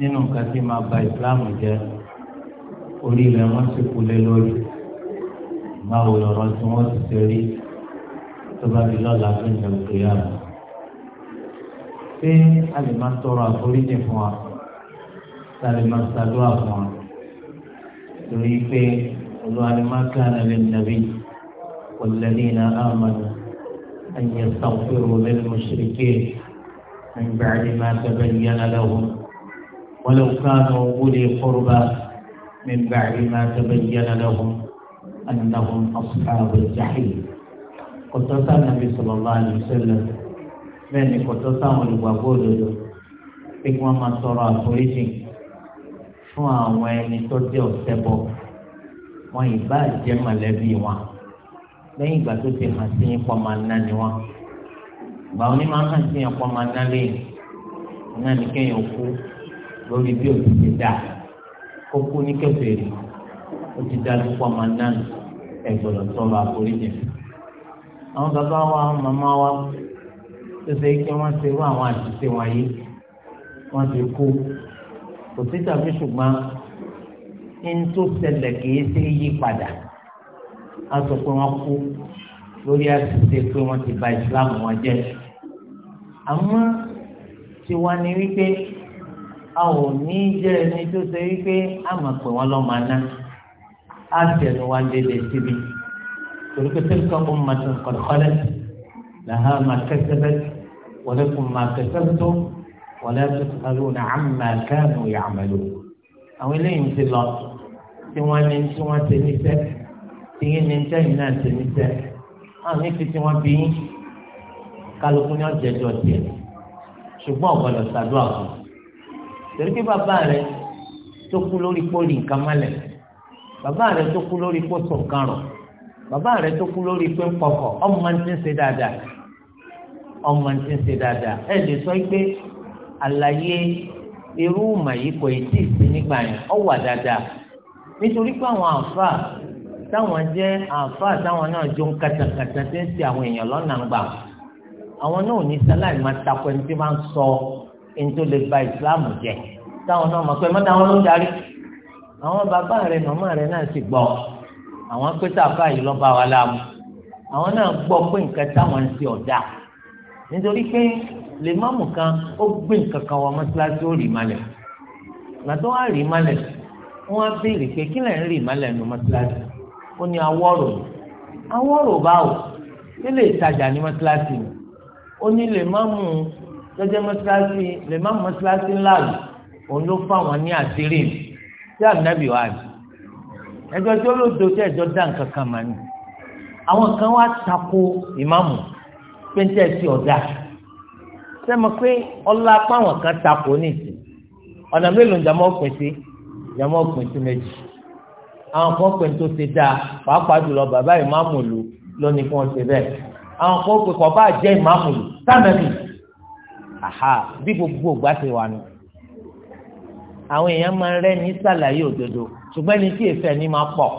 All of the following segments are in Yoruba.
nínú nǹkan tí máa ba ìsìláàmù jẹ́ orí ilẹ̀ wọn sì kú lé lórí báwo lọ̀rọ̀ tí wọ́n ti maa ba isilamu je ori rí tó bá di lọ́la tó ń jẹun tó yára. ṣé a lè máa tọrọ àforíjì fún wa tá a lè máa ṣàdúrà fún wa lórí pé olùwàlú máa ká nàbẹ nàbí àmàlù والذين آمنوا أن يستغفروا للمشركين من tẹ́lẹ̀ ما lálẹ́ لهم ولو كانوا أولي قربى من بعد ما تبين لهم أنهم أصحاب الجحيم قصة النبي صلى الله عليه وسلم من قصة الوابود إكوى ما صرى فريجين fún àwọn ẹni tó jẹ́ ọ̀sẹ̀bọ wọn ìbá jẹ́ mọ̀lẹ́bí wọn lẹ́yìn ìgbà tó ti hàn sí ipò máa ná ni wọn ìgbà wọn ni máa hàn sí ipò máa ná lẹ́yìn náà ni kéèyàn kú lórí bí òtún ti dà kókó ní kèfèrí ó ti dá lóko ọmọ náà ẹgbọdọ tọrọ àforíjì àwọn bàbá wa màmá wa tó ṣe kí wọn ṣe wá àwọn àṣìṣe wọ̀nyí wọn ti kú kò sí tàbí ṣùgbọ́n ní tó ṣẹlẹ̀ kìí ṣe yí padà á sọ pé wọn kú lórí àṣìṣe pé wọn ti bà ìsìlámù wọn jẹ́ àmọ́ tiwa ni wípé a ò ní jẹ́ ẹni tó ṣe wípé a mọ̀ pé wọ́n lọ́ọ́ máa ná á sì ẹnu wa lédè síbi torí pé tilka ummatun qad khalat laha ma kasabat wa lakum ma kasabtum wa la tus'aluna amma kanu ya'malun. àwọn eléyìí ti lọ tí wọ́n ní tí wọ́n ti níṣẹ́ tí yín ní tẹ́yìn náà ti níṣẹ́ àwọn nífi tí wọ́n bí kálukú ní ọ̀jẹ̀jọ́ tiẹ̀ ṣùgbọ́n ọ̀gbọ́dọ̀ ṣàdúrà fún un torí pé bàbá rẹ tó kú lórí pólì nǹkan mọ́lẹ̀ bàbá rẹ tó kú lórí pé sọ nǹkan rọ̀ bàbá rẹ tó kú lórí pé ń pọkọ̀ ọmọ máa ń ti ń ṣe dáadáa ọmọ máa ń ti ń ṣe dáadáa ẹ lè sọ pé àlàyé irú màyí kò tí ì sí nígbà yẹn ọ wà dáadáa nítorí pé àwọn àǹfààní táwọn jẹ́ àǹfààní táwọn náà jó ń katakata tí ń ṣe àwọn èèyàn lọ́nà ń àwọn náà ò ní sáláì takọ ẹni tí wọ́n ń sọ ètò lè ba ìsìláàmù jẹ́ táwọn náà mọ̀ pé mọ́tà wọn ló ń darí àwọn bàbá rẹ màmá rẹ náà sì gbọ́ àwọn pété àbá yìí lọ́ba wa láàmú àwọn náà gbọ́ pé nǹkan táwọn ń ṣe ọ̀dà nítorí pé lè má mú kan ó gbé nǹkan kan wọ mọ́tíláṣí ó rì malẹ̀ gbàtọ́ wá rì malẹ̀ wọ́n á béèrè pé kí lẹ̀ ń rì malẹ̀ nu mọ́tíláṣí ó ní awọ́rò awọ́rò báwo kí lè tajà ní mọ́tíláṣí ó ní lè tọ́jẹ́ mọ́sálásí lè má mọ́sálásí ńlá rù òun ló fáwọn ní àdírí mi tí ànábì wà ní. ẹjọ́ tí ó lò dò tí ẹjọ́ dá nǹkan kan màá ní. àwọn kan wá tako ìmáàmù péńtẹ́ sí ọ̀dà. sẹ́mi pé ọlá páwọn kan tako ní ìsìn ọ̀nà mélòó ìjàmọ́ òpin sí ìjàmọ́ òpin sí méjì. àwọn kan pè tó ti dáa pàápàá jùlọ bàbá ìmáàmù lò lónìí kí wọ́n bẹ́ẹ̀. àwọn kan pè kọ́ bá jẹ́ ìmáàmù lò sáà àhà bí gbogbo ògbà ṣe wà nù. àwọn èèyàn máa ń rẹ́ ní sàlàyé òdodo ṣùgbọ́n ẹni tí èfẹ́ ni máa pọ̀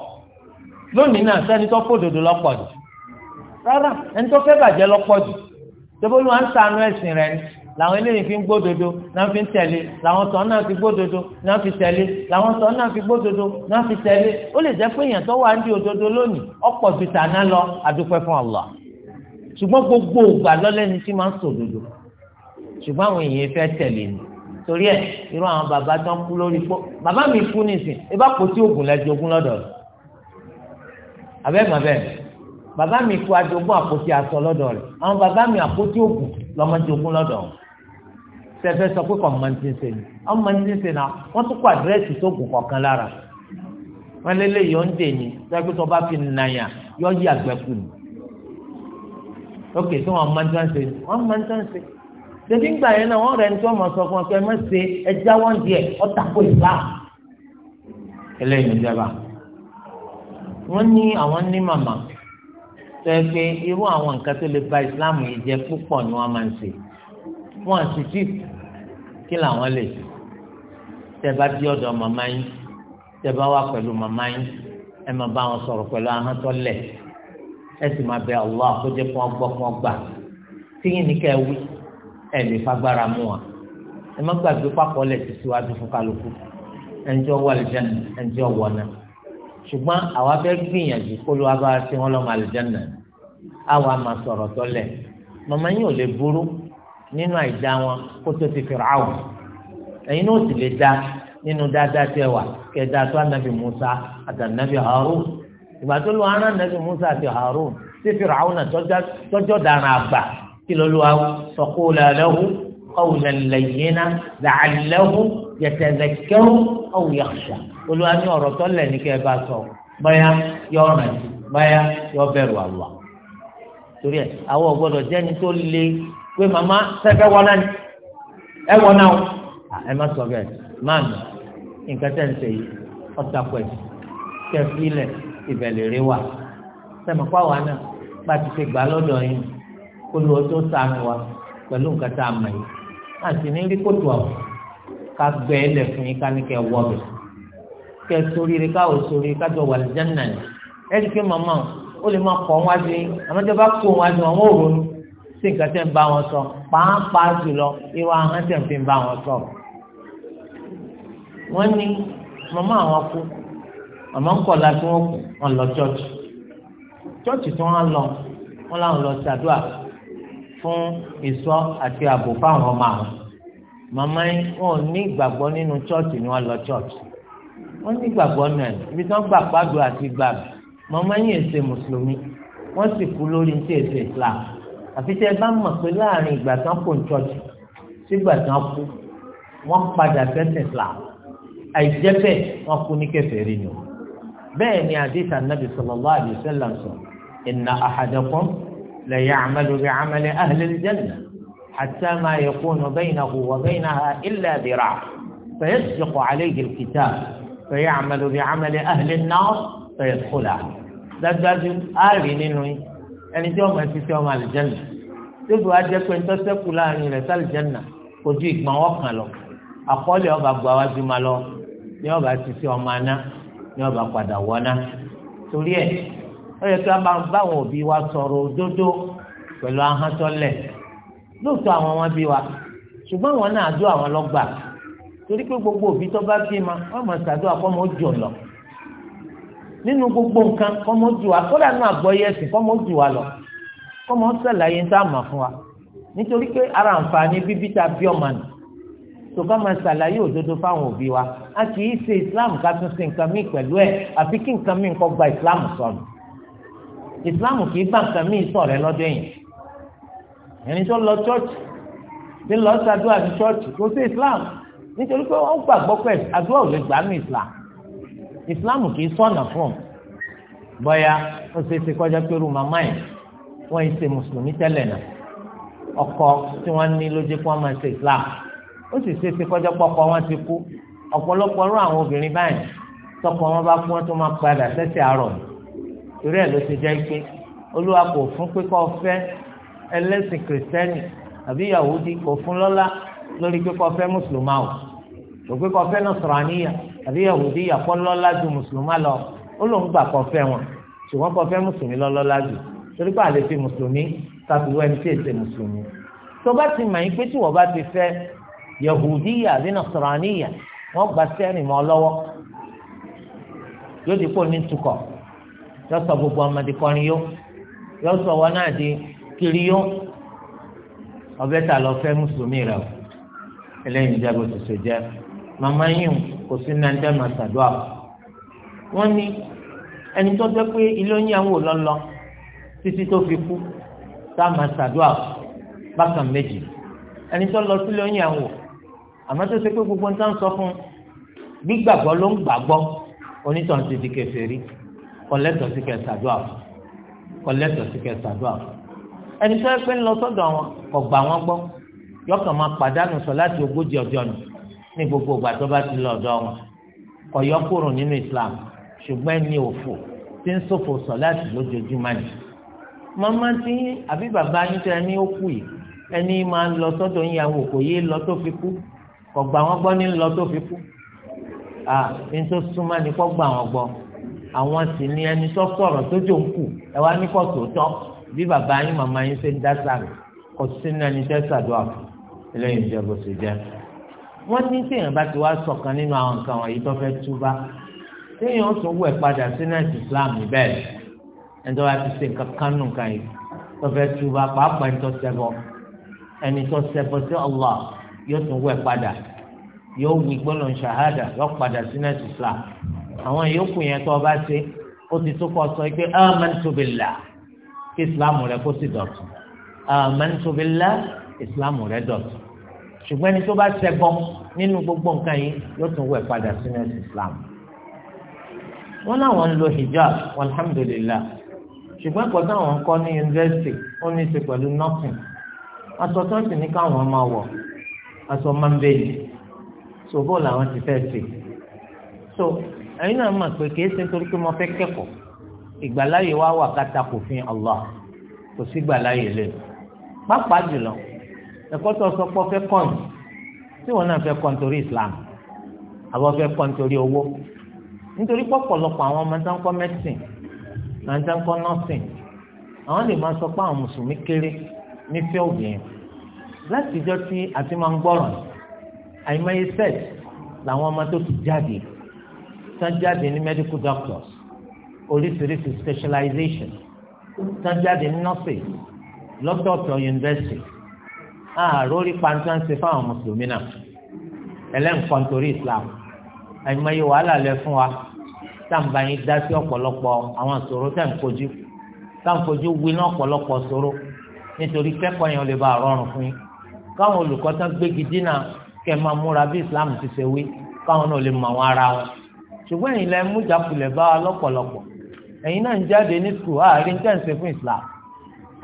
lónìí náà sẹ́ni tó fò òdodo lọ́pọ̀ jù rárá ẹni tó fẹ́ bàjẹ́ lọ́pọ̀ jù tẹ́bólú wa ń sànú ẹ̀sìn rẹ̀ ni làwọn eléyìí fi ń gbódodo náà fi ń tẹ̀lé làwọn tọ́ náà fi gbódodo náà fi tẹ̀lé làwọn tọ́ náà fi gbódodo náà fi tẹ̀lé ó lè jẹ́ pé èèyàn tó wà ní òdodo lónìí ọ̀pọ̀ ju tàná lọ adúpẹ́ fún Allah ṣùgbọ́n gbogbo ògbà lọ́lẹ́ni tí máa ń sòdodo. So ṣùgbọ́n àwọn èèyàn fẹ́ tẹ̀lé ni torí ẹ̀ irú àwọn bàbá tó ń kú lórí pọ́ bàbá mi kú nìsín ẹ bá kó tí oògùn lẹ́jọ́ ogún lọ́dọ̀ rẹ̀ abẹ́ mọ̀ bẹ́ẹ̀ bàbá mi kú adógún àpótí aṣọ lọ́dọ̀ rẹ̀ àwọn bàbá mi àpótí oògùn lọ́mọdé ogún lọ́dọ̀ rẹ̀ sẹfẹ sọ pé kàn máa ń ti ń ṣe ni ọmọ máa ń ti ń ṣe na wọ́n tún kọ àdírẹ́sì sóògùn kọ̀ọ̀kan lára wọn lélẹ̀ yọ̀ ń dè ní sẹ́gbẹ́ tó bá fi nàyà yọ̀ yí àgbẹ̀kù ni ókè tí wọ́n máa ń tán ṣe ni wọ́n máa ń tán tẹ̀sí ń gbà yẹn náà wọ́n rẹ̀ ní tí wọ́n mọ̀ sọ fún ọ pé ẹ má ṣe ẹ jáwọ́ ń diẹ ọ̀tà kó ìlà ẹlẹ́yìn ìjọba wọ́n ní àwọn ní màmá tó ẹ pé irú àwọn nǹkan tó lè ba Islam yìí jẹ púpọ̀ ni wọ́n máa ń ṣe wọ́n á sì tì kí làwọn lè ṣe tẹ́ bá dí ọ̀dọ̀ màmá yín tẹ́ bá wà pẹ̀lú màmá yín ẹ máa bá wọn sọ̀rọ̀ pẹ̀lú ahọ́n tó lẹ̀ ẹ sì máa bẹ Allah àkójọ fún ọgbọ́ fún ọgbà tí yìí ní ká ẹ wí ẹ lè fagbára mú wa ẹ má gbàgbé pápọ̀ lẹ̀ ti síwájú fún kálukú ẹni tí ó wà àlùjánnà ẹni tí ó wọ̀ náà ṣùgbọ́n àwa fẹ́ gbìyànjú kó ló wá bá sí wọn lọ́mọ àlùjánnà àwa máa sọ̀rọ̀ tọ́lẹ̀ màmá yín ò lè burú nínú àìdá wọn kó tó ti Fíráùn ẹ̀yin náà sì lè dá nínú dáadáa tẹ wà kẹdà tó ànábì Musa àti ànábì Harun ìgbà tó lọ ara ànábì Musa àti haru, sí Fíráùn náà tọ́jọ́ dára àgbà kí ló lọ́wọ́ sọ̀kó làlẹ́hu qawlan layyina làlẹ́hu yatazakkaru aw yakhsha olúwa ní ọ̀rọ̀ tó lẹ̀ ní kẹ́ ẹ bá sọ báyà yọ ọ̀ràn yìí báyà yọ bẹ̀rù àlọ́ torí ẹ àwọn ọ̀gbọ́dọ̀ jẹ́ni tó le pé màmá sẹ́fẹ́ wọ́n náà ẹ wọ́n náà ẹ má sọ bẹ́ẹ̀ máa mi nǹkan tẹ̀ ń ṣe yìí ọ̀tàkùn ẹ̀ kẹ́ fílẹ̀ ìbẹ̀lẹ̀ rẹ wà kó lu ọtún sànù wa pẹ̀lú nǹkan tá a mọ̀ yìí àti ní rí kótó àwọn ká gbẹ ẹlẹ fún yín ká ní kẹ wọ bẹ kẹ sórí rẹ káwọ sórí kájọ wà lẹjẹ nà ní ẹni pé màmá ó lè máa kọ wájú yín àmọ́jọ́ bá kó wájú wọn ó ronú sí nǹkan tẹ́ ń bá wọn sọ pàápàá jùlọ ìwà ahọ́n tẹ̀ ń fi bá wọn sọ. wọ́n ní màmá àwọn kú àmọ́ ń kọ̀ láti wọ́n lọ chọ́ọ̀chì chọ́ọ̀chì tí wọ́n á lọ wọ́n láwọn lọ ṣàdúrà fún ìṣọ́ àti ààbò fáwọn ọmọ àwọn màmá yín wọn ò ní ìgbàgbọ́ nínú chọ́ọ̀tì ni wọ́n lọ chọ́ọ̀tì wọ́n ní ìgbàgbọ́ náà ibi tí wọ́n gbà pàdù àti gbà màmá yín èsè mùsùlùmí wọ́n sì kú lórí ní èsè Islam àfi tẹ́ ẹ bá mọ̀ pé láàrin ìgbà tán kò ní chọ́ọ̀tì sígbà tán kú wọ́n padà fẹ́sẹ̀ Islam àìjẹ́bẹ̀ wọ́n kú ní kèfèrí ni bẹ́ẹ̀ ni àdìsá nàbì sallallahu alaihi wasallam inna ahadakum ليعمل بعمل أهل الجنة حتى ما يكون بينه وبينها إلا ذراع فيسبق عليه الكتاب فيعمل بعمل أهل النار فيدخلها dájúdájú ààrẹ nínú yín ẹni tí ọmọ ẹtí tí ọmọ àlìjẹnà tó bu adé pé ń tọ́sẹ́kù láàrin rẹ̀ sálìjẹnà ojú ìgbọ̀n ọkàn lọ àkọọ́lẹ̀ ọba gba wájú ma lọ ní ọba ti sí ọmọ aná ní ọba padà wọ́ná torí ẹ̀ ó yẹ kí wọ́n máa bá àwọn òbí wa sọ̀rọ̀ òdodo pẹ̀lú ahọ́n tó lẹ̀ lóòótọ́ àwọn wọn bí wa ṣùgbọ́n àwọn náà àdó àwọn lọ́gbà torí pé gbogbo òbí tó bá bí ma wọ́n mọ̀ sàdó àkọ́mọ ojú ọ̀lọ́ nínú gbogbo nǹkan kọ́mọ ojú wa kódà náà àgbọ́yé ẹ̀sìn kọ́mọ ojú wa lọ kọ́mọ sẹ̀láyé ń dáàmà fún wa nítorí pé ara àǹfààní bíbí ta bí ọmọ nù tó máa ṣàlàyé òdodo fáwọn òbí wa a kì í ṣe Islam ká tún ṣe nǹkan míì pẹ̀lú ẹ̀ àfi kí nǹkan míì kọ́ gba Islam sọnù ìsìláàmù kì í bá nǹkan míì sọ̀rọ̀ lọ́dọ̀ yìí ẹni tó lọ chọ́ọ̀chì tí lọ ṣàdúrà ní chọ́ọ̀chì kò sí ìsìláàmù nítorí pé wọ́n gbàgbọ́ pé àdúrà ò lè gbà mí ìsìláàmù ìsìláàmù kì í sọ̀nà fún un bọ́yá ó ṣe é ṣe kọjá pé irú màmá yìí wọ́n yìí ṣe mùsùlùmí tẹ́lẹ̀ náà ọkọ tí wọ́n ní ló jẹ́ kí wọ́n máa ṣe ìsìláàmù ó sì ṣe é ṣe kọjá pọ́kọ wọn ti kú ọ̀pọ̀lọpọ̀ irú àwọn obìnrin báyìí tọkọ wọn bá kú wọn tó máa padà sẹ́sẹ̀ àárọ̀ ni irú ẹ̀ ló ti jẹ́ pé olúwa kò fún pé kó fẹ́ ẹlẹ́sìn kìrìsìtẹ́nì àbí yahudi kò fún lọ́lá lórí pé kó fẹ́ mùsùlùmá o kò pé kó fẹ́ nasraniya àbí yahudi yàpọ̀ lọ́lá ju mùsùlùmá lọ ó lóun gbà kó fẹ́ wọn ṣùgbọ́n kó fẹ́ mùsùlùmí lọ́lọ́lá jù torí pé àlè fi mùsùlùmí tàbí wẹ́n tí èsè mùsùlùmí tó bá ti mọ̀ yín pé tí wọ́n bá ti fẹ́ yahudiya àbí nasraniya wọ́n gbà sẹ́rìn mọ́ lọ́wọ́ yóò di pò ní tukọ̀ yọ sọ gbogbo ọmọdé kọrin yó yọ sọ wọn náà di kiri yó ọbẹ̀ tà lọ fẹ́ mùsùlùmí rẹ o eléyìí jẹ́ bó ti ṣe jẹ́ màmá yìí kò sí náà jẹ́ màá ṣàdúrà wọ́n ní ẹni tó jẹ́ pé ilé oyin àwọn òlọ́lọ́ títí tó fi kú tá a máa bákan méjì ẹni tó lọ sílé oyin àwọn àmọ́ tó ṣe pé gbogbo ń tán sọ fún gbígbàgbọ́ ló ń gbàgbọ́ onítàn ti di kèfèrí kọlẹtọ sí kẹ ṣàdúrà fún kọlẹtọ sí kẹ ṣàdúrà fún ẹni tó yẹ pé ń lọ sọ́dọ̀ àwọn ọgbà wọn gbọ́ yọkàn máa pàdánù sọ láti ogójì ọjọ́ nù ní gbogbo ìgbà tó bá ti lọ ọ̀dọ̀ wọn kọyọ kúrò nínú Islam ṣùgbọ́n ẹni òfò tí ń ṣòfò sọ láti lójoojúmọ́ ni màmá tí àbí bàbá yín tẹ ẹni ó kú yìí ẹni máa ń lọ sọ́dọ̀ yín àwọn òkò yìí lọ tó fi kú kọgbà wọn gbọ́ ní lọ tó fi kú à ní tó súnmọ́ ni kọgbà wọn gbọ́ àwọn sì ni ẹni tó sọ̀rọ̀ tó jò ń kù ẹ wá ní kó tòótọ́ bí bàbá yín màmá yín ṣe ń dá sàmì kò sí ní ẹni tẹ́ sàdúrà fún eléyìí jẹ́ bó ṣe jẹ́. wọ́n ní téèyàn bá ti wá sọ̀kan nínú àwọn nǹkan wọ̀nyí tó fẹ́ túbá téèyàn tó wẹ̀ padà sínú ẹ̀sìn Islam bẹ́ẹ̀ ẹni tó bá ti ṣe nǹkan kan nù kan yìí tó fẹ́ túbá pàápàá ẹni tó ṣẹbọ ẹni tó ṣẹbọ sí Allah yóò tún wẹ̀ padà yóò wí gbọ́dọ̀ ṣàhádà yóò padà sínú ẹ̀sìn Islam àwọn yòókù yẹn tó bá ṣe ó ti tó kọ sọ pé amantu billah kí ìsìláàmù rẹ kó sì dọ̀tun amantu billah ìsìláàmù rẹ dọ̀tun ṣùgbọ́n ẹni tó bá ṣẹgbọ́n nínú gbogbo nǹkan yìí yóò tún wẹ̀ padà sínú ẹ̀sìn islam wọn làwọn ń lo hijab alhamdulillah ṣùgbọ́n ẹ̀kọ́ táwọn ń kọ́ ní yunifásitì ó ní í ṣe pẹ̀lú nọ́ọ̀sìn aṣọ sì ní káwọn máa wọ̀ aṣọ máa ń bẹ̀yìn ṣòbó làwọn ti fẹ́ ṣe ẹ̀yin náà mọ̀ pé kìí ṣe nítorí pé mo fẹ́ kẹ́kọ̀ọ́ ìgbàláyè wa wà kàtà kò fi Allah kò sí ìgbàláyè lè pápá jùlọ ẹ̀kọ́ tó sọ pé ọ fẹ́ kọ́ ni tí wọn náà fẹ́ kọ́ nítorí Islam àbọ̀ fẹ́ kọ́ nítorí owó nítorí pọ̀pọ̀lọpọ̀ àwọn ọmọ tó ń kọ́ mẹ́sìn máa ń tó ń kọ́ nọ́ọ̀sìn àwọn lè máa sọ pé àwọn mùsùlùmí kéré ní fẹ́ obìnrin látijọ́ tí àti máa ń gbọ́ràn àìmọye tán jáde ní medical doctors oríṣiríṣi specialization tán jáde ní nurses lọ́dọ̀ọ̀tọ̀ yunifásitì àárò orí pàǹtán ṣe fáwọn mùsùlùmí náà ẹlẹ́nkan torí islam àìmọye wàhálà lẹ fún wa táǹbà yín dá sí ọ̀pọ̀lọpọ̀ àwọn ìṣòro táǹkojú táǹkojú winá ọ̀pọ̀lọpọ̀ ṣòro nítorí kẹ́kọ̀ọ́ yẹn lè bá rọrùn fún yín káwọn olùkọ́ tán gbégi dínà kẹ́ máa múra bí islam ti ṣe wí káwọn náà lè mọ àwọn ara wọn ṣùgbọ́n ẹ̀yin lẹ mú ìjákulẹ̀ bá wa lọ́pọ̀lọpọ̀ ẹ̀yin náà ń jáde ní sùkúù àárín tẹ̀sí fún Islam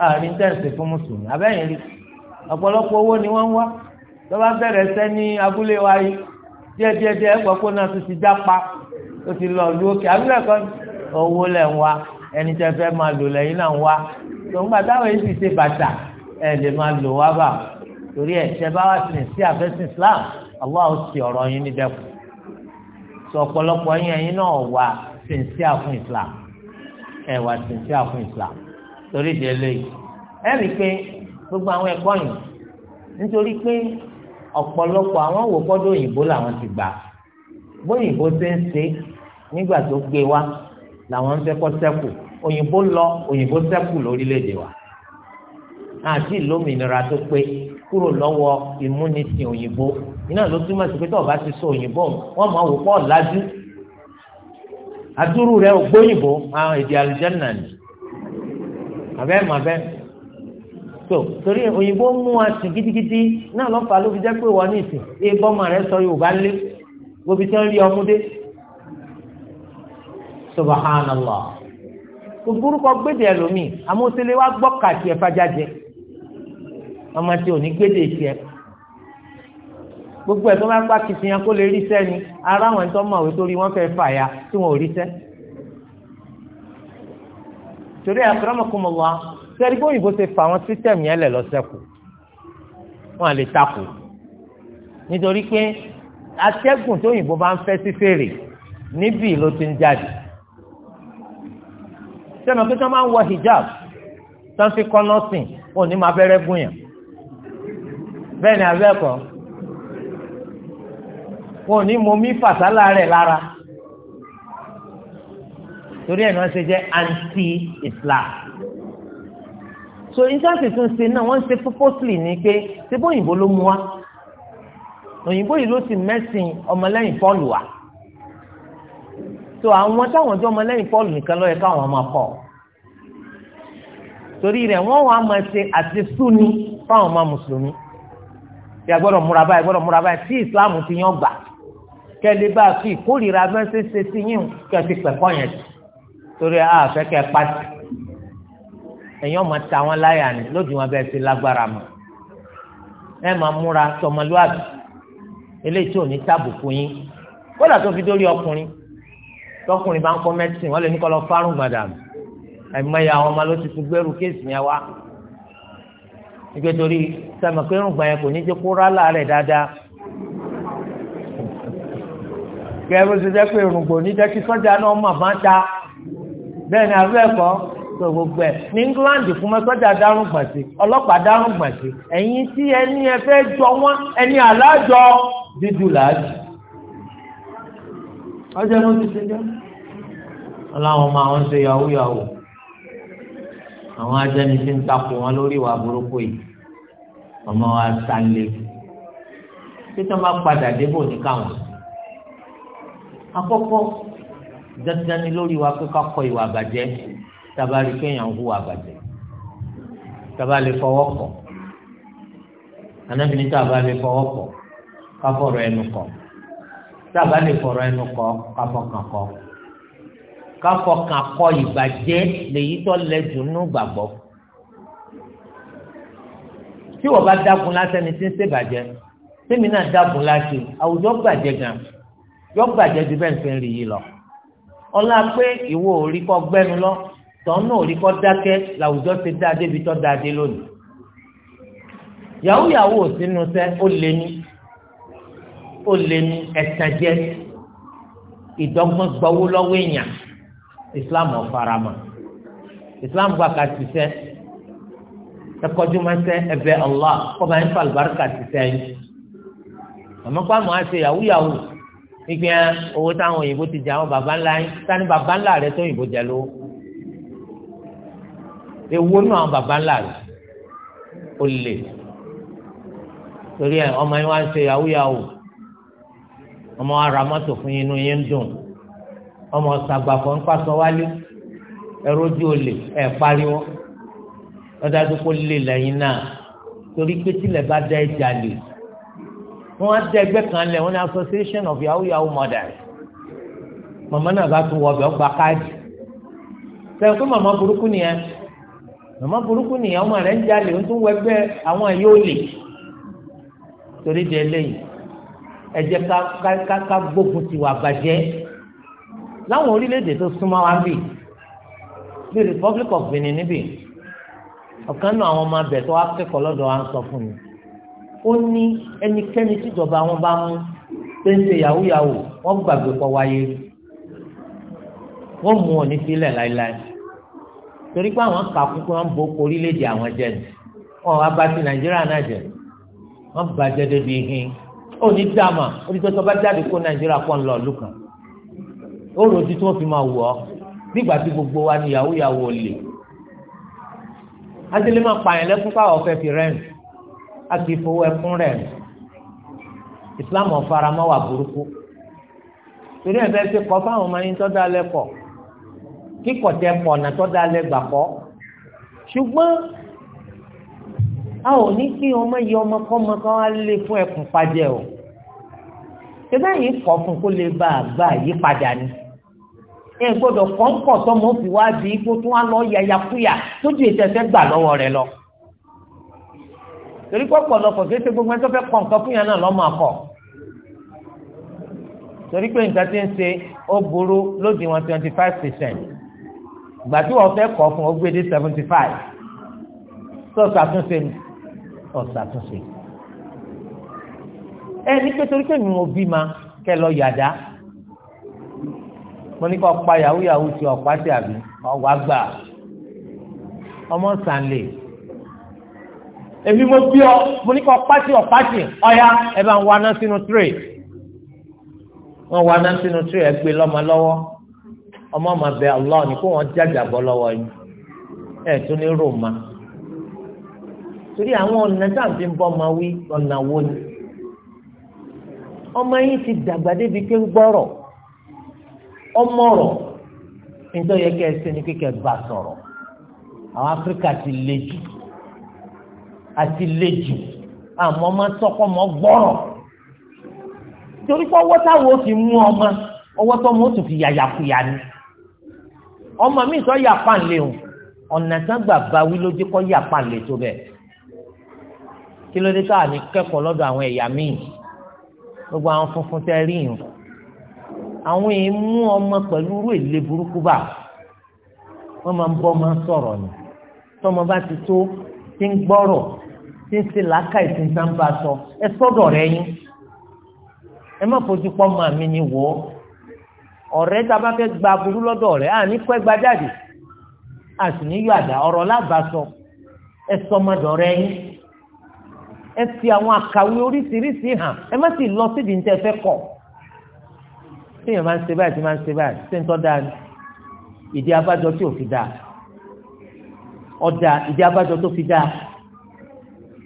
àárín tẹ̀sí fún mùsùlùmí abẹ́yìn rí ọ̀pọ̀lọpọ̀ owó ni wọ́n ń wá tó bá bẹ̀rẹ̀ sẹ́ ní abúlé wa yìí díẹ̀díẹ̀díẹ̀ ẹ̀pọ̀ kó náà tó ti jápa tó ti lọ lu òkè abúlé kan owó lẹ̀ ń wá ẹni tẹ́ fẹ́ máa lò lẹ́yìn náà ń wá tó táwọn èyí sì ṣe bàtà ẹ̀ lè máa lò wá bà torí ẹ̀ ṣẹ́ bá wà sí Islam Allah ó sì ọ̀rọ̀ yín ní dẹ́kun sọ ọ̀pọ̀lọpọ̀ yín ẹ̀yin náà wà sincere fún islam ẹ wà sincere fún islam torí ìdí eléyìí ẹ rí i pé gbogbo àwọn ẹ̀kọ́ yìí nítorí pé ọ̀pọ̀lọpọ̀ àwọn wò gbọ́dọ̀ òyìnbó làwọn ti gbà bóyìnbó ṣe ń ṣe nígbà tó gbé wa làwọn ń fẹ́ kọ́ sẹ́kù òyìnbó lọ òyìnbó sẹ́kù lórílẹ̀‐èdè wa àti ìlómìnira tó pé kúrò lọ́wọ́ ìmúnisìn òyìnbó iná ló túmọ̀ sí pé tó o bá ti sọ òyìnbó wọn máa wò pọ̀ lájú adúrú rẹ ògbóyìnbó àwọn èdè àlùjẹ́nà ni àbẹ́ màbẹ́ tó torí òyìnbó mú wa sí gidigidi náà lọ́ọ́ fà ló fi jẹ́ pé wọ́n ní ìsìn ẹ bọ́mọ rẹ sọ Yorùbá lé gbòbí tí wọ́n rí ọmúdé subahánàlá gbogbo gbèdè ẹlòmíì àmọ́ òsèlè wa gbọ́ kàtì ẹ̀fájáde ọmọ tí ò ní gbèdè tiẹ̀ gbogbo ẹ̀ tó bá pa kìtìyàn kó lè ríṣẹ́ ni ara àwọn ẹ̀ńtọ́ mọ̀wé torí wọ́n fẹ́ fà ya tí wọn ò ríṣẹ́. torí àkàràmọ̀kùnmọ̀wá sẹ́rí bóyìnbó ṣe fà wọn sísẹ̀mù yẹn lẹ̀ lọ́sẹ̀kù wọn à lè takò nítorí pé atẹ́gùn tóyìnbó bá ń fẹ́ sí fèrè níbí ló ti ń jáde sẹ́nu pé tó máa ń wọ hijab tó fi kọ́ nọ́ọ̀sìn òní máa bẹ̀rẹ̀ gùn yàn bẹ́ẹ̀ ni abẹ́ẹ̀kọ́ wọn ò ní mọ mí fàsálà rẹ̀ lára torí ẹ̀ náà ṣe jẹ́ anti-islam so ìjáàsì tún ṣe náà wọ́n ṣe purposely ni pé ṣé bóyìnbó ló mú wa òyìnbó yìí ló ti mẹ́sìn ọmọlẹ́yìn Pọ́ọ̀lù wa so àwọn táwọn jẹ́ ọmọlẹ́yìn Pọ́ọ̀lù nìkan ló yẹ káwọn máa kọ́ torí rẹ̀ wọ́n wàá máa ṣe àti súnni fáwọn ọmọ mùsùlùmí bí a gbọ́dọ̀ múra báyìí gbọ́dọ̀ múra báyìí tí ìsìláàmù ti yàn gbà kẹ́lẹ́ bá fi ìkórìíra mẹ́sẹ̀ ṣe sí yín kẹ́ fi pẹ̀kọ́ yẹn torí àfẹ́ kẹ́ pàṣẹ ẹ̀yin ọmọ ta wọn láyà ni lójú wọn bẹ́ẹ̀ ti lágbára mọ́ ẹ máa múra tọmọlúwàbí eléyìí tí ò ní tábùkù yín kódà tó fi dórí ọkùnrin tọkùnrin bá ń kọ́ mẹ́tìsìn wọ́n lè ní kọ́ lọ fárùn gbàdàmù ẹ̀mọ́yà àwọn ọmọ ló ti fi gbẹ́rù kéèsì yẹn wá nígbà torí sẹ́mi pé rúgbà yẹn kò ní jẹ́ kó rálá rẹ̀ dáadáa kẹ́ẹ́ bó ṣe jẹ́ pé irùngbò ní jẹ́ kí sọ́jà náà mọ̀ máa ta bẹ́ẹ̀ ni abẹ́ẹ̀kọ́ tó gbogbo ẹ̀ ní England fún mọ́ sọ́jà dárùn gbọ̀nsẹ̀ ọlọ́pàá dárùn gbọ̀nsẹ̀ ẹ̀yin tí ẹni ẹ fẹ́ jọ wọ́n ẹni alájọ dídú làájú ọjọ́ ló ti ṣe jẹ́ ọláwọn máa ń ṣe yahoo yahoo àwọn ajẹni tí ń takò wọn lórí ìwà burúkú yìí ọmọ wa sálẹ̀ títí wọn bá padà débò ní káwọn àkọ́kọ́ dandan ni lórí wa pé ká kọ ìwà àbàjẹ́ tábà rí kéèyàn hu àbàjẹ́ tábà lè fọwọ́ kọ̀ anábìíní tábà lè fọwọ́ kọ̀ ká fọ̀rọ̀ ẹnu kọ̀ tábà lè fọ̀rọ̀ ẹnu kọ̀ ká fọkàn kọ̀ ká fọkàn kọ̀ ìbàjẹ́ lèyí tó lẹ́jù nú gbàgbọ́ tí wọ́n bá dágun lásán ni tí ń ṣèbàjẹ́ tèmi náà dágun lásán àwùjọ bàjẹ́ gan yọ gbàjẹ́ ju bẹ́ẹ̀ ń fi rí yìí lọ ọlá pé ìwọ ò rí kọ́ gbẹ́nu lọ tọ́n náà ò rí kọ́ dákẹ́ làwùjọ ti dá débi tọ́ da dé lónìí yahoo yahoo sínú sẹ́ ó lé ní ó lé ní ẹ̀tàjẹ́ ìdọ́gbọ́n gbọ́wó lọ́wọ́ èèyàn islam ọ̀farama islam gba ka ti sẹ́ ẹkọjú máa sẹ́ ẹbẹ̀ allah kọ́ máa ń fa àlùbáríkà ti sẹ́ yìí àmọ́ pàmò àti yahoo yahoo ìgbẹ́ owó táwọn òyìnbó ti jẹ àwọn baba ńlá yín sani baba ńlá rẹ tó òyìnbó jẹ lówó ewu nù àwọn baba ńlá rẹ ó lè torí ẹ ọmọ yín wá ń ṣe yahoo yahoo ọmọ wa ra mọ́tò fún yín inú yín ń dùn ọmọ sàgbàfọ̀ ń pàṣọ wálé ẹ̀rọ ojú olè ẹ̀ pariwo ọ̀dájú kó lè lẹ́yìn náà torí pé tílẹ̀ bá dá ẹja lè wọ́n á dẹ ẹgbẹ́ kan lẹ̀ wọ́n ní association of yahoo yahoo mothers Mama náà bá tún wọ ọbẹ̀ ọgbà káàdì sẹ́yìn pé màmá burúkú nìyẹn màmá burúkú nìyẹn ọmọ rẹ̀ ń jalè ó tún wọ ẹgbẹ́ àwọn yóò lè torí di eléyìí ẹ jẹ́ ká ká ká gbógun ti wà bàjẹ́ láwọn orílẹ̀-èdè tó súnmọ́ wa bì bí Republic of Benin níbì ọ̀kan náà àwọn ọmọ abẹ tó wá kẹ́kọ̀ọ́ lọ́dọ̀ wa ń sọ fún mi ó ní ẹnikẹ́ni tíjọba wọn bá mú pé ń ṣe yahoo yahoo wọ́n gbàgbé kọ́ wáyé wọ́n mú ọ ní sílẹ̀ láéláé torí pé àwọn kà kúkú wọn bò kó orílẹ̀-èdè àwọn jẹ ní wọn wá bá ti nàìjíríà náà jẹ wọn bàjẹ́ débi hin ó ní dàmà ó ní tọ́tọ́ bá jáde kó nàìjíríà pọ̀ ń lọ ọ̀lú kan ó rò títí wọn fi máa wù ọ nígbà tí gbogbo wa ni yahoo yahoo lè adélé máa pààyàn lẹ́kún káwọ́ fẹ́ fi rẹ́ǹtì a kì í fowó ẹkún rẹ̀ islam ọ̀faramọ́ wà burúkú torí ẹ̀ fẹ́ ṣe kọ́ fáwọn ọmọ yín tó dá lẹ́kọ̀ọ́ kíkọ̀ tẹ pọ̀ ọ̀nà tó dá lẹ́gbà kọ́ ṣùgbọ́n a ò ní kí ọmọ yìí ọmọ kọ́mọ kan wá lé fún ẹkùn pàjẹ́ o ṣẹlẹ̀ yìí kọ́ fún kó lè bá a gbà yí padà ni ẹ gbọ́dọ̀ kọ́ńkọ̀ tọmọ fi wá di ipò tó wá lọ yàyàkúyà tójú ìtẹ̀sẹ̀ gbà lọ́wọ́ rẹ lọ torí pọ̀pọ̀lọpọ̀ kí ṣe gbogbo ẹni tó fẹ́ kọ́ nǹkan fún yàn náà lọ́mọ akọ torí pé nǹkan ti ń ṣe ó burú lódì wọn twenty five percent ìgbà tí wọ́n fẹ́ kọ́ fún ó gbé dé seventy five tó ṣàtúnṣe ọ̀ ṣàtúnṣe ẹ ní pé torí pé mi ò bí ma kẹ lọ yàdá mo ní kọ́ pa yahoo yahoo ti ọ̀pá sí àbí ọ̀wá gbà ọmọ sàn lè èmi mo bí ọ mo ní kọ pàṣẹ ọ̀pàṣẹ ọ̀ya ẹ bá ń wá ná sínú tray wọn wá ná sínú tray ẹ gbé lọ́mọ lọ́wọ́ ọmọ ọmọ bẹ Allah ni kó wọn jájà bọ́ lọ́wọ́ yìí ẹ tún ní roma torí àwọn ọ̀nà tá à ń fi bọ́ ọmọ wí ọ̀nà wo ni ọmọ yìí ti dàgbà débi pé ń gbọ́rọ̀ ọmọ rọ̀ nítorí yẹ kẹ́ ẹ sẹ́ni kékeré bá sọ̀rọ̀ àwọn Áfíríkà ti le jù àti lejù àmọ́ máa tọkọ mọ́ gbọ́rọ̀ torí pé ọwọ́ táwọn ò fi mú ọmọ ọwọ́ tọmọ ó tún fi yàyàkuyà ni ọmọ mi sọ yàpá ńlẹ̀ o ọ̀nà tán gbà bá wí lójú kọ́ yàpá ńlẹ̀ tó bẹ̀ kí ló dé káà ní kẹ́kọ̀ọ́ lọ́dọ̀ àwọn ẹ̀yà míì gbogbo àwọn funfun tẹ́ rí yìí àwọn èèyàn mú ọmọ pẹ̀lú irú èlé burúkú bá wọ́n máa ń bọ́ máa ń sọ̀rọ̀ ni tọ́mọ bá ti tó ti ń gbọ́rọ̀ tí ń ṣe làákà ìsinsá ń bá sọ ẹ sọ́dọ̀ rẹ yín ẹ má fojú pọ́ mọ́ àmì ni wọ́ ọ̀rẹ́ tá a bá fẹ́ gba burú lọ́dọ̀ rẹ à ní kọ́ ẹ gbajáde à sì ní yọ àdá ọ̀rọ̀ lábàá sọ ẹ sọmọdọ̀ rẹ yín ẹ fi àwọn àkàwé oríṣiríṣi hàn ẹ má sì lọ síbi ní tẹ fẹ́ kọ̀ tí èèyàn máa ń ṣe báyìí tí máa ń ṣe báyìí tí ń tọ́ da ìdí abájọ tí ò fi da ọ̀dà ìdí abájọ tó fi da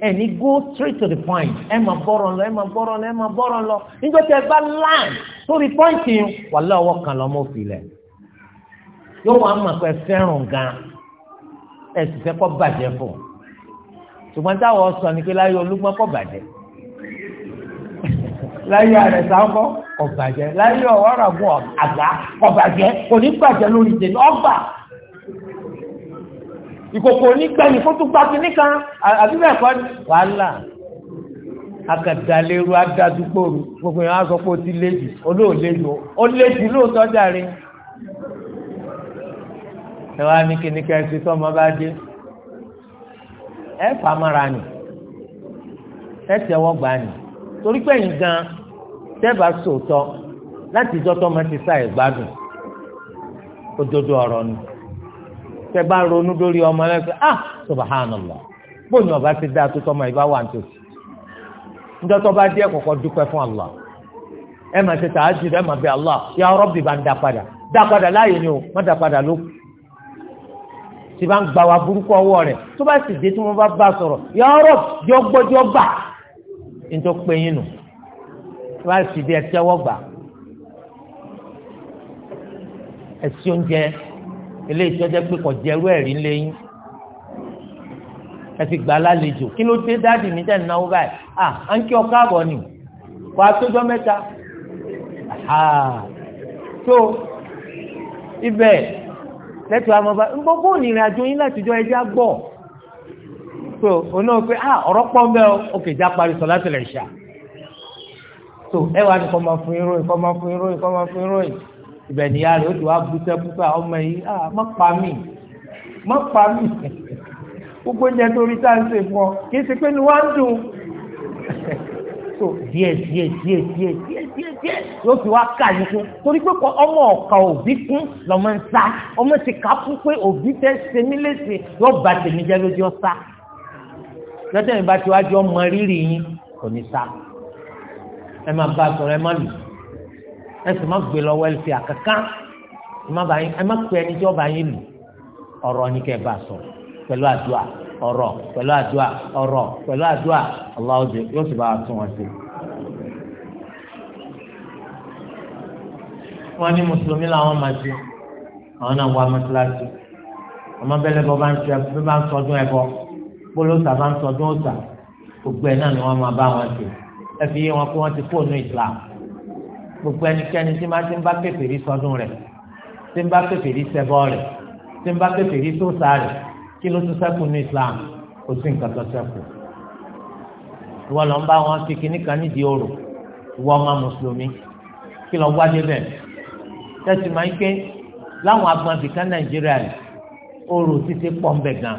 ẹni go straight to the point ẹ máa bọ́rọ̀ lọ ẹ máa bọ́rọ̀ lọ ẹ máa bọ́rọ̀ lọ níjọ́ tẹ bá land sórí pọ́ǹtì wàlẹ́ ọwọ́ kan lọ́mọ òfìlẹ̀ yóò wá mà pé fẹ́ràn gan ẹ sì fẹ́ kọ́ bàjẹ́ fún ṣùgbọ́n táwọn sọ ni pé láyé olúgbọ́n kọ́ bàjẹ́ láyé àrẹ sáńkọ́ kọ́ bàjẹ́ láyé ọ̀wọ́rọ̀ gùn àgbà kọ́ bàjẹ́ kò ní bàjẹ́ lórí tèmi ọgbà ìkòkò onígbẹ̀mí fún tó gbá kínní kan àbí bẹ́ẹ̀ kọ́ ni wàhálà akadàlérú adádúgbòrú gbogbo yẹn wá sọ pé ó ti léjì olóò léjì ó léjì lóòótọ́ jàre ẹ wá ní kíní kẹsì tọmọ bá dé ẹ fàmọ́ra nì ẹ tẹ́wọ́ gbà nì torí pé yín gan tẹ́bà sòótọ́ láti ìjọ́ tọmọ ti sá ẹ̀ gbádùn òdodo ọ̀rọ̀ nù tẹ bá ronú lórí ọmọ rẹ pé ah subhanallah bóyá ọba ti dáa tó tọmọ ìbá wà nítòsí níjọ́ tó bá díẹ̀ kọ́kọ́ dúpẹ́ fún Allah ẹ máa ṣe tààjù ẹ máa bẹ Allah ya Rabbi bá ń dá padà dá padà láàyè ni o má dá padà ló tí bá ń gbà wá burúkú ọwọ́ rẹ̀ tó bá sì dé tí wọ́n bá bá sọ̀rọ̀ ya Rabbi jọ gbọ́jọ́ gbà nítorí pé yín nù tó bá sì dé ẹ tẹ́wọ́ gbà ẹ sí oúnjẹ eléyìí tó jẹ́ pé kò jẹ́rú ẹ̀rí lẹ́yìn ẹ ti gbà lálejò kí ló dé dáàdì mi tẹ̀ náwó báyìí à à ń kí ọ káàbọ̀ ni kò àtọ́jọ́ mẹ́ta so ibẹ̀ lẹ́tọ̀ọ́ amọ̀ba gbogbo ìrìn àjò yín látijọ́ ẹjẹ́ àgbọ̀ so oná pé à ọ̀rọ̀ pọ̀ mbẹ́ o òkè já parí sọ láti lẹ̀ ṣá so ẹ wà ní kọ́ máa fún irú kọ́ máa fún irú kọ́ máa fún irú yìí ibẹ̀ níyà rẹ̀ ó ti wá búṣẹ́ búṣẹ́ ah, ọmọ yìí ah má pa mí má pa mí gbogbo oúnjẹ tó rí tá à ń fún ọ kì í ṣe pé ni wá ń dùn so díẹ̀ díẹ̀ díẹ̀ díẹ̀ díẹ̀ díẹ̀ díẹ̀ yóò fi wá ká yìí fún torí pé ọmọ ọ̀ka òbí kún lọ́mọ ń sá ọmọ ti kà fún pé òbí tẹ́ sẹ́mi léṣe yóò bá tèmi jẹ́ lójú ọ̀sá lọ́tẹ̀ mi bá ti wá rírì yín kò ní sá ẹ máa bá a sọ̀rọ̀ ẹ má lù ú ẹ sì má gbé lọ wẹ́lfì àkàkán ẹ má pè ẹni tí ọba yín lù ọ̀rọ̀ ni kẹ́ ẹ bá sọ pẹ̀lú àdúrà ọ̀rọ̀ pẹ̀lú àdúrà ọ̀rọ̀ pẹ̀lú àdúrà Allahu yóò sì bá wa tún wọn sí. wọ́n ní mùsùlùmí làwọn máa ṣe àwọn náà wà mọ́tíláṣí ọmọ bẹ́lẹ́ bọ́ bá ń ṣe bí bá ń sọdún ẹ̀bọ gbólóòsà bá ń sọdún òòsà gbogbo ẹ̀ náà ni wọ́n máa bá wọn ṣe ẹ fi yé wọn pé wọ́n ti fóònù ìsìlámù gbogbo ẹnikẹ́ni tí máa ti ń bá kèfèrí sọdún rẹ̀ tí ń bá kèfèrí ṣẹbọ rẹ̀ tí ń bá kèfèrí sóòsà rẹ̀ kí ló tún ṣẹ́kù ní Islam kò sí nǹkan tó ṣẹ́kù. ìwọ lọ ń bá wọn ti kíní kan nídìí òrò ìwọ ọmọ mùsùlùmí kí lọ wá débẹ̀ tẹ́sí máa ń ké láwọn agbọ̀nbìkan Nàìjíríà rẹ̀ òrò títí pọ̀ ń bẹ̀ gan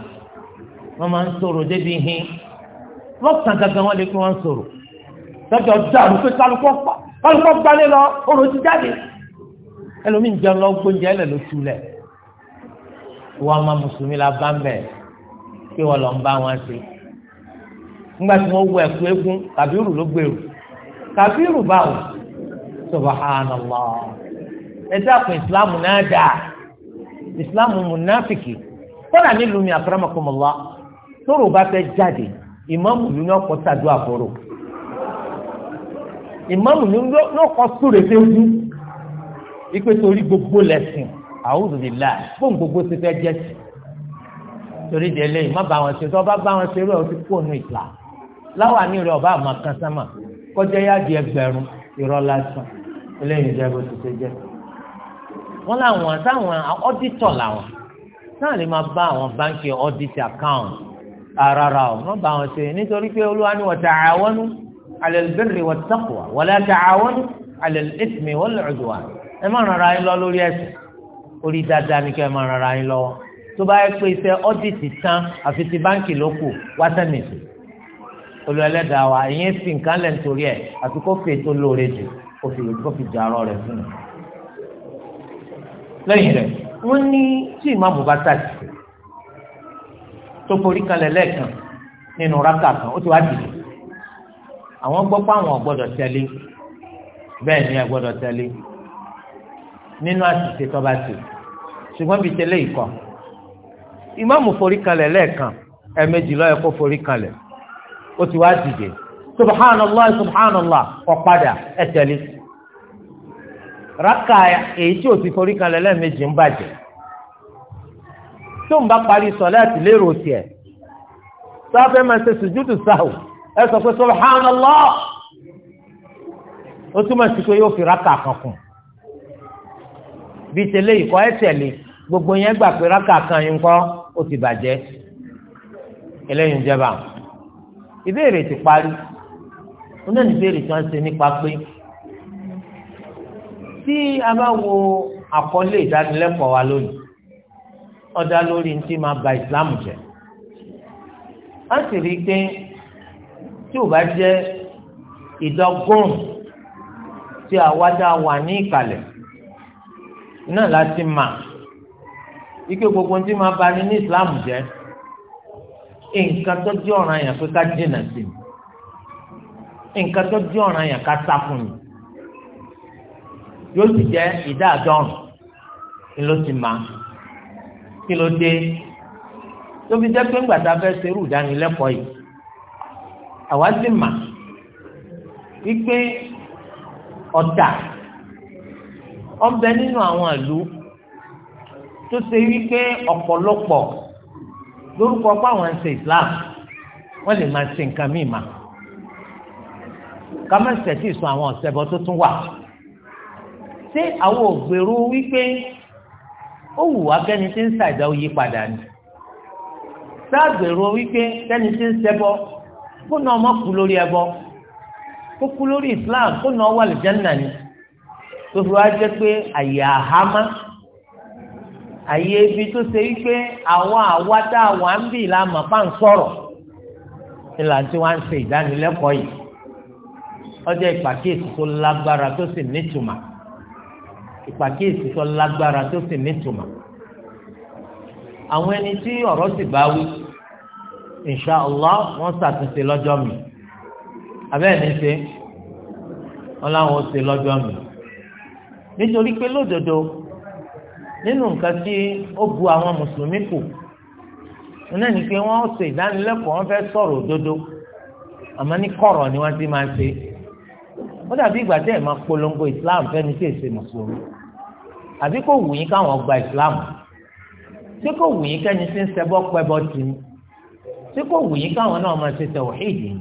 wọ́n máa ń sọ̀rọ̀ débi hin lọ́sàn-án gangan wọ́n lè fi wọ́n sọ̀rọ̀ tọ́jọ́ dàrú pé kálukọ́ pa kọ́lùkọ́ gbalẹ̀ lọ orò ti jáde ẹlòmí ń jẹun lọ gbóúnjẹ ẹlẹ ló túlẹ̀ wọn máa mùsùlùmí la bá ń bẹ̀ pé wọn lọ ń bá wọn ṣe nígbà tí wọn wọ ẹkú eégún kàbírù ló gbèrú kàbírù báwò subahánàlá ẹ dákun ìsìlámù náà dáa ìsìlámù mùnáfìkì kọ́nà nílùú mi àkàràmọ̀kọ́mọ̀lá tóró bá fẹ́ jáde ìmáàmù ló ní ọkọ̀ ṣàdúrà fọ́rọ̀ ìmáàmù ní ló kọ́ súre ṣe ń dún ipe torí gbogbo lẹ́sìn àwùjọdìlá fóun gbogbo ṣe fẹ́ jẹ́ sí torí délé má bá wọn ṣe tó bá bá wọn ṣe rẹ̀ ó ti kó nu ìlà láwa ní rẹ̀ ọba àmọ́ kan sámà kọjá yáàdì ẹgbẹ̀rún irọ́ lásán eléyìí jẹ́ bó ti ṣe jẹ́ wọ́n láwọn táwọn ọ́dítọ̀ làwọn náà lè máa bá àwọn báńkì ọ́dítì àkáùntì àràrà ọ̀ wọ́n bá wọn ṣe nítorí pé olúwa ni wọ́n ti àwọn nù. على البر والتقوى ولا تعاونوا على الإثم والعدوان ẹ má ràn ara yín lọ lórí ẹ̀ṣẹ̀ orí dáadáa ni kẹ́ ẹ má ràn ara yín lọ tó bá yẹ pé iṣẹ́ ọdítì tán àfi ti báǹkì ló kù wá sẹmìtì olú Ẹlẹ́dàá wa ìyẹn sì nǹkan lẹ nítorí ẹ àfi kó fèé tó lóore jù kó fi kó fi jà ọ̀rọ̀ rẹ̀ fún un lẹ́yìn rẹ̀ wọn ní tí ìmáàmù bá tàkì tó forí kalẹ̀ lẹ́ẹ̀kan nínú rákà kan ó ti wá dìde àwọn gbọ́ pé àwọn ọ̀gbọ́dọ̀ tẹ̀lé bẹ́ẹ̀ ni ọ̀gbọ́dọ̀ tẹ̀lé nínú àṣìṣe tó bá ti ṣùgbọ́n bíi tẹ̀lé ìkọ́ ìmáàmù forí kalẹ̀ lẹ́ẹ̀kan ẹ̀ẹ̀mejì ló yẹ kó forí kalẹ̀ ó ti wá dìde subhanallah subhanallah ọ̀padà ẹ̀ tẹ̀lé rákà èyí tí ò ti forí kalẹ̀ lẹ́ẹ̀mejì ń bàjẹ́ tó ń bá parí sọ̀láàtì lérò tiẹ̀ sáfẹ́ máa ṣe sùjúdù sáwù ẹ sọ pé subhanallah ó túmọ̀ sí pé yóò fi rákà kan kù bíi tẹ́lẹ̀ ìkọ́ ẹ tẹ̀lé gbogbo yẹn gbà pé rákà kan yín kọ́ ó ti bàjẹ́ eléyìí ń jẹba ìbéèrè ti parí wọn ìbéèrè tí wọn ṣe nípa pé tí a bá wo àkọlé ìdánilẹ́kọ̀ọ́ wa lónìí ó lórí ní máa ba ìsìlámù jẹ́ a sì rí i pé tí ò bá jẹ́ ìdọ́gbọ̀n tí àwádà wà ní ìkàlẹ̀ náà láti mà ike gbogbo tí máa bá ní ní Islam jẹ́ nǹkan tó jẹ́ ọ̀ràn yẹn pé ká jìnnà sí i nǹkan tó jẹ́ ọ̀ràn yẹn ká sá fún mi yóò sì jẹ́ ìdá àdọ́rùn ni ló ti máa kí ló dé tó fi pé ńgbà tá fẹ́ ṣerú ìdánilẹ́kọ̀ọ́ yìí àwa sì mà wípé ọ̀tà ọbẹ̀ nínú àwọn ìlú tó ṣe wípé ọ̀pọ̀lọpọ̀ lórúkọ pé àwọn ń ṣe Islam wọ́n lè máa ṣe nǹkan míì mà ká má ṣe tí ì sọ àwọn ọ̀sẹ̀ bọ́ tó tún wà ṣé àwọn ògbèrú wípé ó wù wá tí ń ṣàìdá ó padà ni ṣáà gbèrú wípé kẹ́ni tí ń ṣẹbọ kó nà ọmọ kú lórí ẹbọ kó kú lórí islam kó nà ọwọ́ àlùjánnà ni tó fi wá jẹ́ pé àyè àhámá àyè ibi tó ṣe wípé àwọn àwa tá a wà ń bì láàmà bá ń sọ̀rọ̀ ìlànà tí wọ́n ń ṣe ìdánilẹ́kọ̀ọ́ yìí ọjọ́ ìpàkíyèsí tó lágbára tó sì nítumà ìpàkíyèsí tó lágbára tó sì nítumà àwọn ẹni tí ọ̀rọ̀ sì bá wí insha allah wọ́n ṣàtúnṣe lọ́jọ́ mi abẹ́ẹ̀ ní ṣe wọ́n láwọn ó ṣe lọ́jọ́ mi nítorí pé lódodo nínú nǹkan tí ó bu àwọn mùsùlùmí kù náà ni pé wọ́n ṣe ìdánilẹ́kọ̀ọ́ wọ́n fẹ́ sọ̀rọ̀ òdodo àmọ́ ní kọ̀rọ̀ ni wọ́n ti máa ṣe ó dàbí ìgbà tí ẹ̀ máa polongo islam fẹ́ni tí èsè mùsùlùmí àbí kò wù yín káwọn gba islam ṣé kò wù yín kẹ́ni tí ń ṣẹbọ pẹbọ tì ní tí kò wù yín káwọn náà máa ṣe tẹ̀wọ̀hídì ni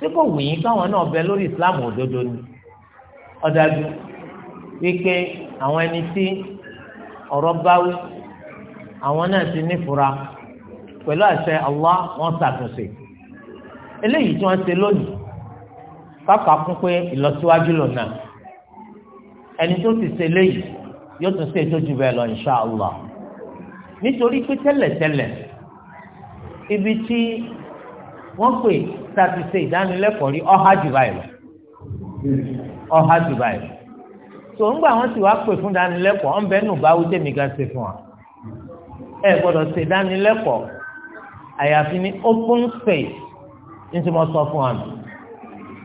tí kò wù yín káwọn náà bẹ lórí islam òdodo ni ọ̀dàdú wípé àwọn ẹni tí ọ̀rọ̀ báwí àwọn náà ti nífura pẹ̀lú àṣẹ Allah wọn ṣàtúnṣe eléyìí tí wọ́n ṣe lónìí kápá kún pé ìlọsíwájú lọ́nà ẹni tó ti ṣe léyìí yóò tún ṣe tó jù bẹ́ẹ̀ lọ insha nítorí pé tẹ́lẹ̀tẹ́lẹ̀ ibi tí wọ́n pè tàbí ṣe ìdánilẹ́kọ̀ọ́ rí ọ̀há jù báyìí lọ ọ̀há jù báyìí lọ tó ń gbà wọ́n sì wá pè fún ìdánilẹ́kọ̀ọ́ ọ̀nbẹ́ nù bá wú tèmi ga ṣe fún wa ẹ gbọ́dọ̀ ṣe ìdánilẹ́kọ̀ọ́ àyàfi ní open space ní tí mo sọ fún wa nù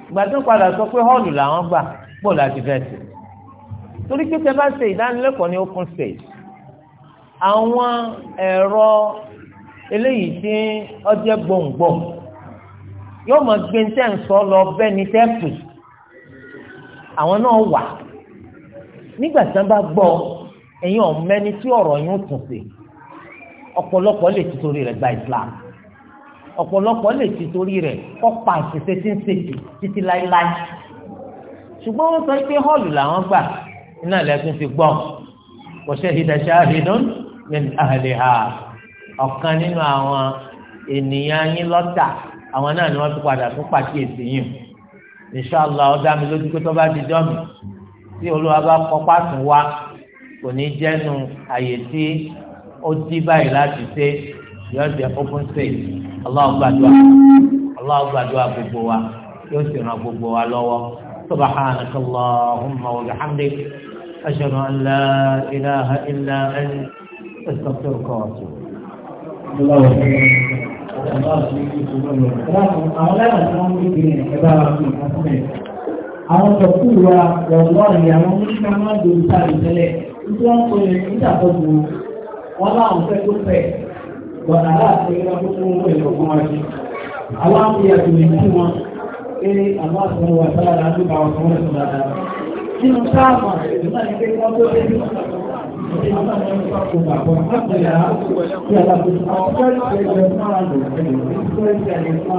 ìgbà tó padà sọ pé họ́ọ̀lù làwọn gbà pọ̀ láti fẹ́ sí torí pé tẹ bá ṣe ìdánilẹ́kọ̀ọ́ ní open space àwọn ẹ̀rọ eléyìí tí ọjọ́ gbòǹgbò yóò mọ̀ gbé ní tẹ̀sán lọ bẹ́ẹ̀ ni tẹ́pù àwọn náà wà nígbà tí wọ́n bá gbọ́ ẹ̀yin ọ̀mẹ́ni tí ọ̀rọ̀ yín ó tún sí ọ̀pọ̀lọpọ̀ lè ti torí rẹ̀ gba Islam ọ̀pọ̀lọpọ̀ lè ti torí rẹ̀ kọ́pa àṣìṣe tí ń ṣètì títí láéláé ṣùgbọ́n wọ́n sọ pé họ́ọ̀lù làwọn gbà iná lẹ́gbẹ̀ẹ́ ti gbọ́ kò ṣe ìdáṣà ìdán min ahliha ọ̀kan nínú àwọn ènìyàn yín lọ́tà àwọn náà ni wọ́n ti padà fún pàkíyèsí yìí inṣàlá ọ̀dà mi lójú pé tó bá di jọ́ mi tí olúwa bá kọ́ pàtún wá kò ní jẹ́nu àyè tí ó dí báyìí láti ṣe yóò jẹ́ open space Allahu gbàdúrà Allahu gbàdúrà gbogbo wa yóò sì ràn gbogbo wa lọ́wọ́ subhanaka Allahumma wa bihamdik ashhadu an la ilaha illa anta astaghfiruka wa atubu Àwọn tọ̀kú wa wọ̀lọ́ ìyà wọn ní ká máa dòrò sáré tẹ́lẹ̀ tí wọ́n kò lè ní ìdàtọ̀gbò wọ́n láwọn fẹ́ tó fẹ́ gbọ̀nà láti ẹgbẹ́ tó fún Ìjọba